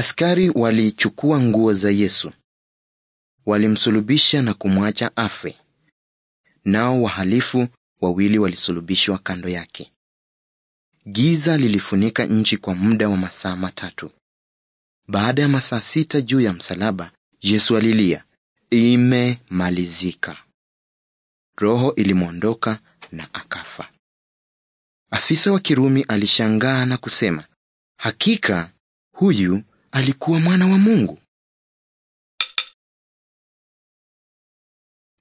Askari walichukua nguo za Yesu, walimsulubisha na kumwacha afe, nao wahalifu wawili walisulubishwa kando yake. Giza lilifunika nchi kwa muda wa masaa matatu. Baada ya masaa sita juu ya msalaba, Yesu alilia, imemalizika. Roho ilimwondoka na akafa. Afisa wa Kirumi alishangaa na kusema, hakika huyu alikuwa mwana wa Mungu.